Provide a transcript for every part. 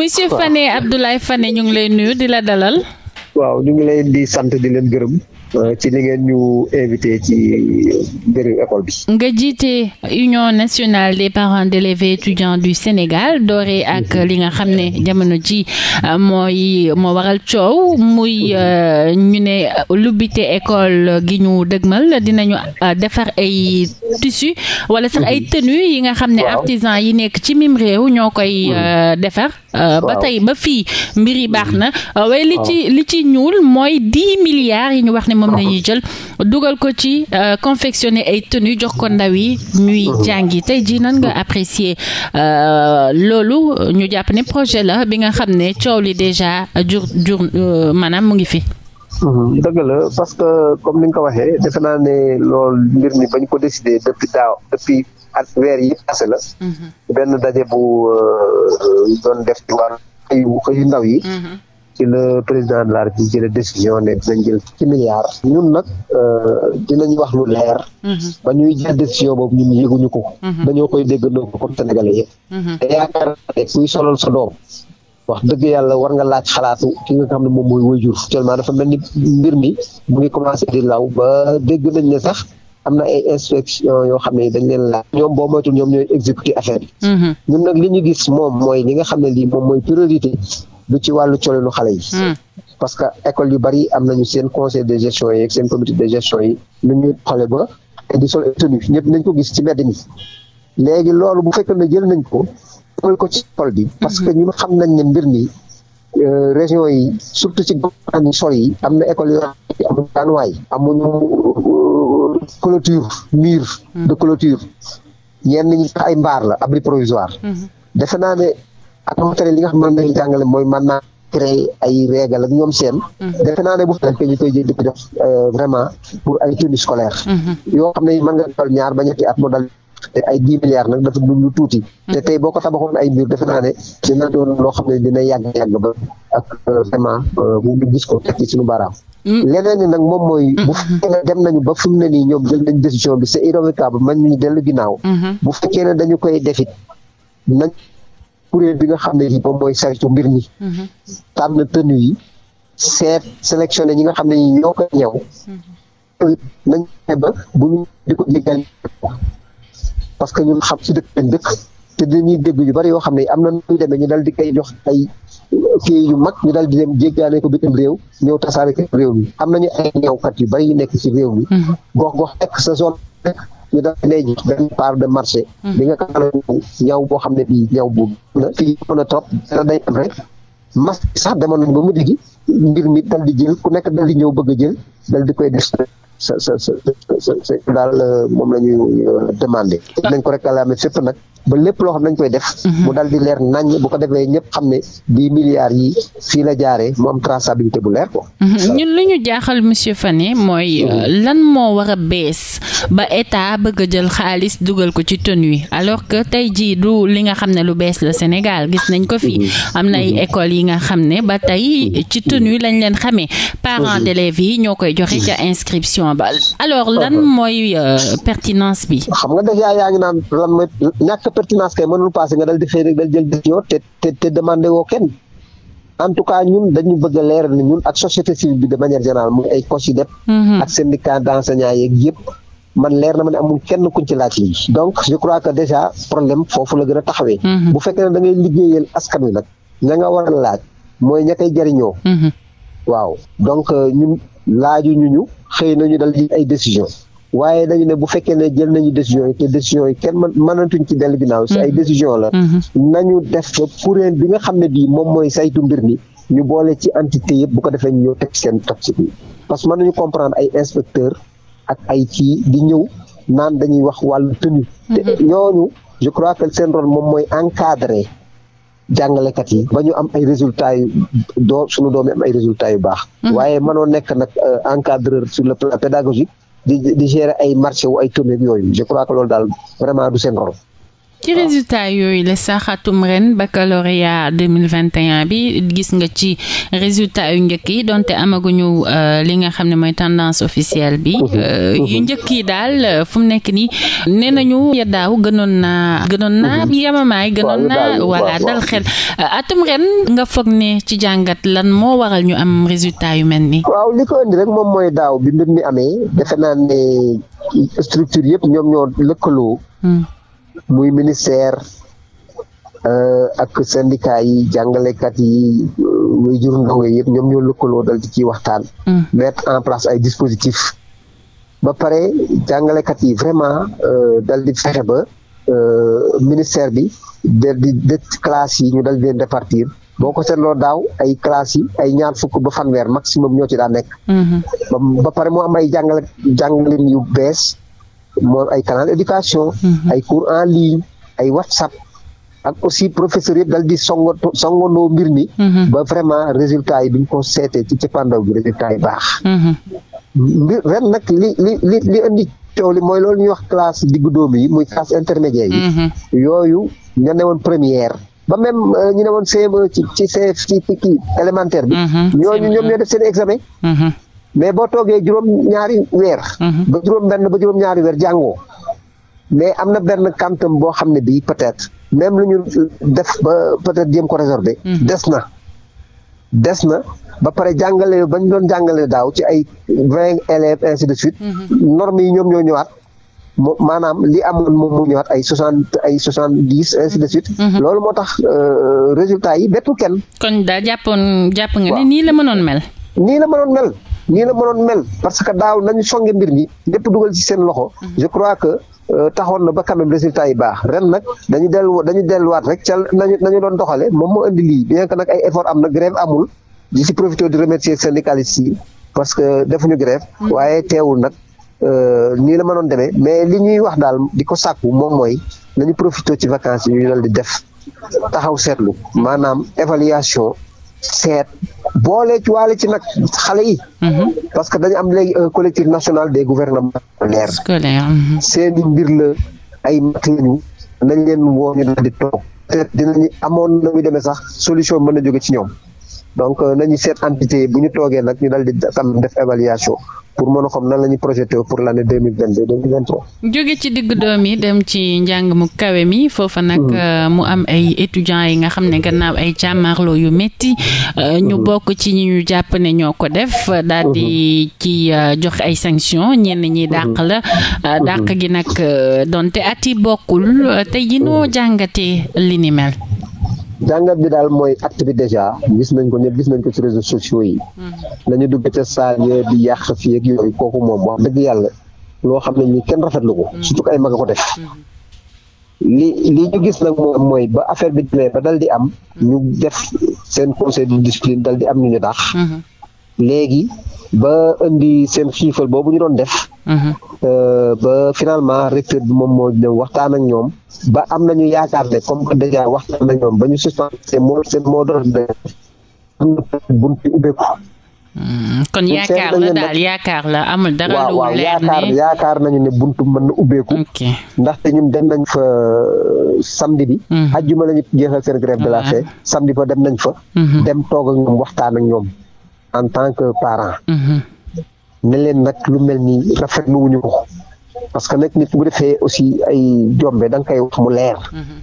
monsieur Fane Abdoulaye Fane ñu ngi lay nuyu di la dalal. waaw ñu ngi lay di sant di leen gërëm. Euh, ci li ngeen ñu invité ci mbirum école bi. nga jiite Union nationale des parents d'élèves et étudiants du Sénégal dooree ak li nga xam ne jamono ji euh, mooy moo waral coow muy euh, ñu ne lubbite école gi ñu dëgmal dinañu defar ay tissu wala sax ay tenue yi nga xam ne artisan yi nekk ci mim réew ñoo koy hmm. defar. ba tey ba fii mbir yi baax na. Hmm. waaye li ci li ci ñuul mooy dix milliards yi ñu wax ne moom la ñuy jël dugal ko ci euh, confectionner ay tenues jox ko ndaw yi ñuy jàngi tey jii nan nga apprécier euh, loolu ñu jàpp ne projet la bi nga xam ne coow li déjà jur jour euh, maanaam mu ngi fi. dëgg la parce que comme ni nga ko waxee defe naa ne loolu mbir mi bañ ko décider depuis daaw depuis weer yi passé la. benn daje bu doon def ci wàllu xëyu xëyu ndaw yi. ci le président de la République jëlee décision ne dinañ jël ci euh, lu leer mhm. ba ñuy jël décision boobu ñun ko mhm. dañoo koy déggandoo ko comme sénégalais yëpp mhm. te sa doom wax dëgg yàlla war nga laaj xalaatu ki nga xam ne moom mooy waajur actuellement dafa mel ni mbir mi mu ngi commencé di law nañ ne sax am na ay inspection yoo xam ne dañ leen laaj ñoom boo moytul ñoom ñooy exécuter affaire bi ñun nag li ñu gis moom mooy li nga xam ne lii moom mooy priorité du ci wàllu colinu xale yi. Hmm. parce que école yu bari am nañu seen conseil de gestion yi ak seen comité de gestion yi nu ñuy xale ba te di sol tenue ñëpp nañ ko gis ci mbedd mi léegi loolu bu fekkee ne jël nañ ko dugal ko ci école bi. parce que hmm. ñun xam nañ ne mbir mi euh, région yi surtout ci gox sol yi am na école yoo xam ne amuñu daanuwaay amuñu euh, clôture mur hmm. de clôture ñenn ñi ay mbaar la abri provisoire. defe naa ne ak ba pare li nga xam ne lañuy jàngale mooy mën naa créer ay règle ak ñoom seen. Mm-hmm. defe naa ne bu fekkee ñu euh, mm-hmm. ba ñetti at mu dal. te ay dix milliards nag dafa du lu tuuti. te mm-hmm. tey boo ko tabaxoon ay loo xam ne dina yàgg yàgg ba ak euh, vraiment bu euh, gis ko teg ci suñu baaraam. leneen ni nag moom mooy. bu fekkee ne ba fi mu ne nii ñoom jël nañ décision bi c'est irrévocable man ñu dellu ginnaaw. bu fekkee ne dañu koy defit nañ kuréel bi nga xam ne lii moom mooy saytu mbir mi. na mhm. tënu yi seet sélectionné ñi nga xam ne ñoo koy ñëw. Mhm. nañ fexe ba bu ñu di parce que ñun xam ci dëkk dëkk te dañuy dégg yu bari yoo xam ne am na ñuy demee ñu dal di kay jox ay kii yu mag ñu dal di dem jéggaane ko bitim réew ñëw tasaare ko réew mi am nañu ay ñëwkat yu bari yu nekk ci réew mi. Mhm. gox gox nekk sa zone ñu daal lay jox part de marché. bi hmm. nga xam ne ñaw boo xam ne bii ñaw boobu la fii mën a trop dara day am rek masque sax demoon nañ ba mu diggi mbir mi dal di jël ku nekk dal di ñëw bëgg a jël dal di koy def sa sa sa sa daal euh, moom la ñuy euh, demandé. dinañ ah. ko rek alaamee fépp nag. ba lépp loo xam dañ koy def. Mhm. mu dal di leer naññ bu ko defee ñëpp xam ne bii milliards yi fii la jaaree mu am traçabilité bu leer ko. Mhm. ñun lu ñu jaaxal monsieur Fane mooy euh, lan moo war a bees ba état bëgg a jël xaalis dugal ko ci tenue yi alors que tey jii du li nga xam ne lu bees la Sénégal gis nañ ko fi. Mhm. am na ay écoles yi nga xam ne ba tey ci tenue lañ leen xamee. parents d'élèves yi ñoo koy joxe ca inscription ba alors lan mooy euh, pertinence bi. ñàkk sa pertinence kay mënul passé nga dal di xëy rek dal jël décision te te te demandé woo kenn en tout cas ñun dañu bëgg a leer ne ñun ak société civile bi de manière générale muy ay COSYDEP mhm. ak syndicat d'enseignants yeeg yëpp man leer na ma ne amul kenn kuñ ci laaj lii donc a taxawee mhm. da a laaj mhm. euh, ñun laaju ñu xëy nañu dal ay décision waaye dañu ne bu fekkee ne jël nañu décision yi te décision yi kenn mënatuñ ci dell ginnaaw si ay mm-hmm. décision la mm-hmm. nañu def ba kuréel bi nga xam ne bii moom mooy saytu mbir mi ñu boole ci entité yëpp bu ko defee ñu ñëw seen toxique parce que mën nañu comprendre ay inspecteur ak ay kii di ñëw naan dañuy wax wàllu tenue mm-hmm. te ñooñu je crois que seen rôle moom mooy encadrer jàngalekat yi ba ñu am ay résultat yu doo suñu doomi am ay résultats yu baax waaye mënoo nekk nag euh, encadreur sur le plan pédagogique di di gérer ay marché wu ay tournée yooyu je crois que loolu daal vraiment du seen rôle. ci résultat yooyu la sax atum ren baccalauréat 2021 bi gis nga ci résultat yu njëkk yi donte amaguñu euh, li nga xam ne mooy tendance officielle bi euh, yu njëkk yi daal euh, fu mu nekk nii nee nañu daaw gënoon naa gënoon naa yamamaay gënoon naa voilà dal xel atum ren nga foog ne ci jàngat lan moo waral ñu am résultat yu mel nii waaw li ko indi rek moom mooy daaw bi mbir mi amee defe naa ne structure yëpp ñoom ñoo lëkkaloo hmm. muy ministère euh, ak syndicat yi jàngalekat yi euh, way jur ndongo yëpp ñoom ñoo lëkkaloo dal di ciy waxtaan mm. mettre en place ay dispositifs ba pare jàngalekat yi vraiment euh, dal di fexe ba ministère bi de di de classes yi ñu dal di leen boo ko seetloo daaw ay classes yi ay ñaar fukk ba fanweer maximum ñoo ci daa nekk mm-hmm. ba pare moo am jàngale jàngalin yu bees moom ay canal éducation. Mhm. ay cours en ligne ay WhatsApp. ak aussi professeur yëpp dal di songo songandoo mbir mi. Mhm. ba vraiment résultat yi bi ñu ko seetee ci cappaandaw bi résultat yi baax. mbir mhm. ren li li li indi coow li mooy loolu ñu wax classe di dóom yi muy classe intermédiaire yi. yooyu ña ne woon euh, ñu ne woon CM e e. ñoom def seen examen. mais boo toogee juróom-ñaari weer. Mhm. ba juróom-benn ba juróom-ñaari weer jàngoo. mais am na benn kantam boo xam ne bii peut-être même lu ñu def ba peut-être jéem ko résorber. Mhm. des na des na ba pare jàngale ba ñu doon jàngale daaw ci ay vingt élèves ainsi de suite. Mhm. normes yi ñoom ñoo ñowaat mu maanaam li amoon moom mu ñëwaat ay soixante ay soixante dix ainsi de suite. loolu moo tax euh, résultat yi bettul kenn. kon daal jàppoon jàpp nga ni nii la mënoon nii la mënoon mel. nii la mënoon mel parce que daaw nañu songe mbir ñi lépp dugal ci seen loxo mhm. je crois que euh, taxoon na ba quand même résultat yi baax ren nag dañu dellu dañu delluwaat rek ca nañu nañu doon doxale moom moo indi lii bien que nag ay effort am na grève amul di si profité di remercier syndicalistes yi parce que defuñu grève mhm. waaye teewul nag euh, nii la mënoon demee mais li ñuy wax daal di ko sàkku moom mooy nañu profité ci vacances yi ñu dal di def taxaw seetlu maanaam évaluation seet boole ci waale ci nag xale yi. Mhm. parce que dañu am léegi un collectif national des gouvernements scolaires. Mhm. seen i mbir la ay matt ñu nañ leen woo ñu daal di toog te dinañu amoon na muy demee sax solution mën a jóge ci ñoom donc euh, nañu seet entité bu ñu toogee nag ñu daal di tam def évaluation pour mën a xam la ñuy projeté pour l' année deux mille vingt deux deux jóge ci digg doom yi dem ci njàng mu kawe mi foofa nag mm. euh, mu am ay étudiants yi nga xam ne gannaaw ay jàmmaarloo yu métti euh, ñu mm-hmm. bokk ci ñi ñu jàpp ne ñoo ko def. daal di mm-hmm. ci euh, jox ay sanctions ñenn ñi mm-hmm. dàq la. dàq gi nag donte at yi bokkul tey ji noo jàngatee li jàngat bi daal mooy acte bi gis nañ ko ñëpp gis nañ ko ci réseaux sociaux yi. nañu hmm. dugg ca saal ya di yàq fii ak yooyu kooku moom wax dëgg yàlla loo xam ne ñi kenn rafetlu ko. Hmm. surtout ay mag a ko def. Hmm. li li ñu gis nag moom mooy ba affaire bi demee ba dal di am. ñu def seen conseil de discipline dal di am ñu ñu dàq. léegi ba indi seen xiifal boobu ñu doon def. Mhm. Euh, ba finalement recteur bi moom moo dem waxtaan ak ñoom ba am nañu yaakaar ne comme que dèjà waxtaan ak ñoom ba ñu moo seen moo doon def am na buntu ubbeeku. Mhm. kon yaakaar la yaakaar la amul dara lu leer ne waaw waaw yaakaar nañu ne buntu man na ubbeeku. ndaxte ñu dem nañ fa euh, samedi bi. Mhm. ajjuma lañu jeexal seen grève de la ah. faim samedi ba dem nañ fa. dem toog ñoom waxtaan ñoom. en tant que parent. Mm-hmm. ne leen nag lu mel ni rafetlu wuñu ko parce que nag nit bu defee aussi ay jombe da nga koy wax mu leer. Mm-hmm.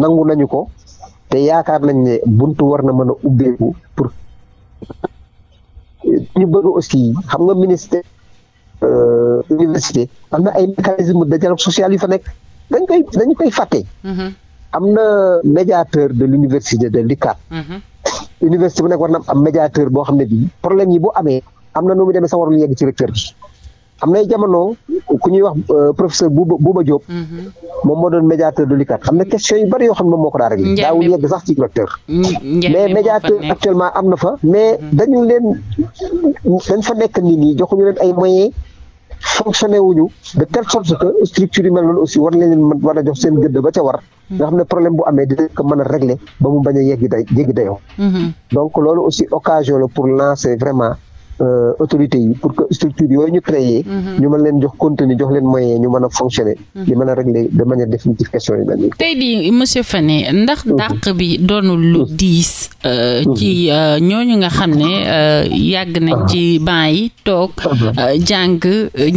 nangu nañu ko te yaakaar nañ ne bunt war na mën a ubbeeku pour ñu bëgg aussi xam nga ministère euh, université am na ay mécanisme de dialogue social yu fa nekk dañ koy dañ koy fàtte. Mm-hmm. am na médiateur de l'université de l'UCAD. université bu nekk war na am médiateur boo xam ne bii problème yi bu amee am na nu mu demee sax warul yegg ci recteur bi am nay jamono ku ñuy wax euh, professeur Bouba Bouba Diop. Mm-hmm. moom moo doon médiateur de l'UCAD xam na question yu bari yoo xam ne moom moo ko daa réglé. daawul yegg sax ci mais médiateur actuellement am na fa. mais mm-hmm. dañu leen dañ fa nekk nit ñi joxuñu leen ay moyens. fonctionné wuñu de telle sorte que structure mel noonu aussi war leen mën war a jox seen gëdd ca war nga xam ne problème bu amee dinañ ko mën a régler ba mu bañ a yeggi mhm. donc loolu aussi occasion la pour lancer vraiment Euh, autorité yi pour que structure yooyu ñu créé. Mhm. ñu mën leen jox contenu jox leen moyen ñu mën a fonctionner. Mhm. di mën a régler de manière définitive question yu mel nii. tey di monsieur Fane ndax mhm. dàq bi doonul lu diis. Euh, ci euh, ñooñu nga xam ne yàgg na ah. ci banc yi toog ah jàng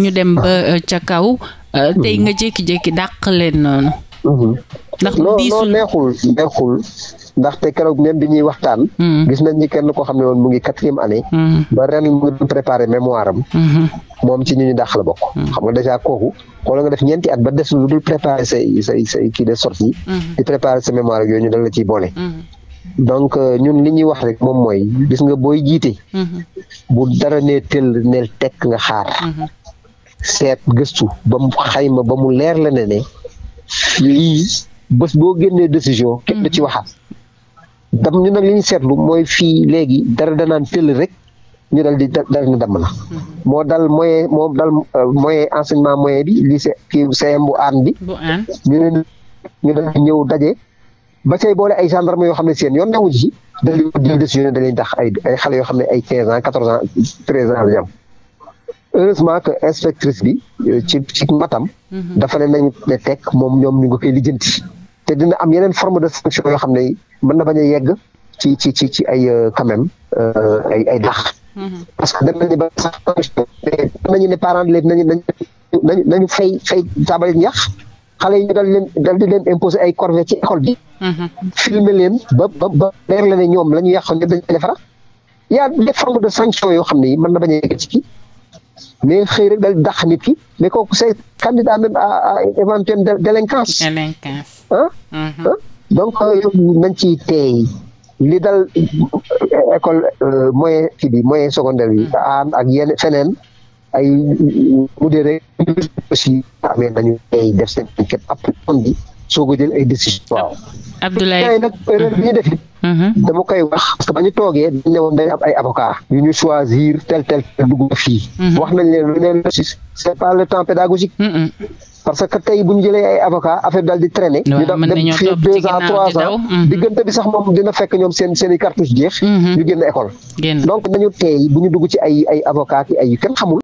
ñu dem ba ca kaw tey nga jékki-jékki dàq leen noonu. ndax diisul neexul neexul ndaxte keroog même bi ñuy waxtaan. Hmm. gis nañ ni kenn koo xam ne woon mu ngi quatrième année. Hmm. ba ren mu ngi préparé mémoire am. Hmm. moom ci ñu ñu dàq la bokk. xam nga dèjà kooku xoolal nga def ñeenti at ba des lu dul préparé say say say kii de sortie di préparé sa mémoire yooyu ñu dañ la ciy boole. donc euh, ñun li ñuy wax rek moom mooy gis nga booy jiite. bu dara nee tëll neel tekk nga xaar. seet gëstu ba mu xayma ba mu leer la ne ne lii. bés boo génnee décision kenn da ci mm-hmm. waxaat dam ñu nag li ñu seetlu mooy fii léegi dara danaan tëll rek ñu dal di da na damm na mm-hmm. moo dal moyen moom dal euh, moyen enseignement moyen bi lycée kii CM bu aan bi ñu ne ñu dal ñëw daje ba say boole ay gendarme yoo xam ne seen yoon newu ci dañ leen jël décision dañ leen tax ay ay xale yoo xam ne ay quinze ans quatorze ans treize ans la am heureusement que inspectrice bi euh, ci ci mm-hmm. dafa ne nañu ne moom ñoom ñu nga koy lijjanti te dina am yeneen forme de sanction yoo xam ne mën na bañ a yegg ci ci ci ci ay euh, quand même euh, ay ay dax mm-hmm. parce que dem nañu ba sanction nañu ne parents léegi nañu nañu nañu nañu fay fay xale yi ñu dal leen dal di leen ay corvée ci école bi mm-hmm. filmer leen ba ba ba leer la ne ñoom la ñu yàqoon ñëpp dañu defara y a des formes de sanction yoo xam ne yi mën na bañ a yegg ci kii mais xëy rek dal dax nit ki mais kooku c'est candidat même à à éventuelle délinquance Mm-hmm. donc yooyu euh, nañ ci teey li dal euh, école euh, moyen kii bi moyen secondaire bi mm-hmm. aan ak yenn feneen ay mu rek aussi amee nañu teey def seen enquête après bi soo ko ay décision waaw Abdoulaye bi ñu mm-hmm. dama koy wax parce que ba toogee dañ ne woon dañ ay avocat yu ñu choisir tel tel dugg fii wax nañ leen lu neen c'est pas le temps pédagogique parce que tey bu ñu jëlee ay avocat affaire daal di traîner. ñu def dem fii deux ans trois ans. Mhm. diggante bi sax moom dina fekk ñoom seen seen i cartouche jeex. Mhm. ñu génn école. donc nañu tey bu ñu dugg ci ay ay avocat ki ay kenn xamul.